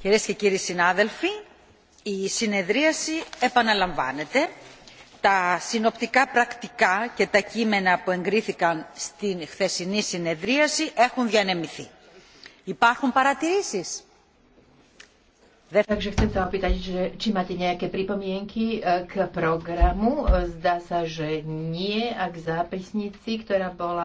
Κυρίες και κύριοι συνάδελφοι, η συνεδρίαση επαναλαμβάνεται. Τα συνοπτικά πρακτικά και τα κείμενα που εγκρίθηκαν στην χθεσινή συνεδρίαση έχουν διανεμηθεί. Υπάρχουν παρατηρήσεις. Takže chcem sa opýtať, že, či máte nejaké pripomienky k programu. Zdá sa, že nie, ak zápisnici, ktorá bola